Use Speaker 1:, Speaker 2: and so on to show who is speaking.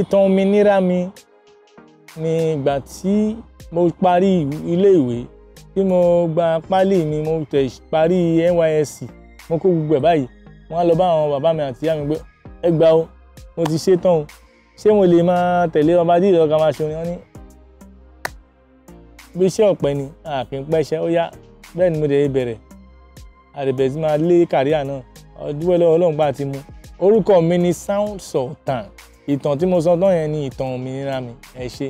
Speaker 1: ìtàn òmìnira mi ni ìgbà tí mo parí ilé ìwé tí mo gba pálí mi mo tẹ̀ parí NYSC mo kó gbogbo ẹ̀ báyìí wọ́n á lọ bá àwọn bàbá mi àti ìyá mi gbé ẹ gbà o mo ti ṣe tán o ṣé mo lè máa tẹ̀lé ọba dídì ọ̀gá máa ṣe orin wọn ní. bí iṣẹ́ ọ̀pẹ ni àfihàn pẹ́ṣẹ́ ó yá bẹ́ẹ̀ ni mo dẹ̀ bẹ̀rẹ̀ àdìbẹ̀ tí máa lé kàríà náà ọdún wẹ́lẹ́ ọlọ́run gbà ti mu orúkọ mi ni Sound Sultan ìtàn tí mo sọ tán yẹn ni ìtàn òmìnira mi ẹ ṣé.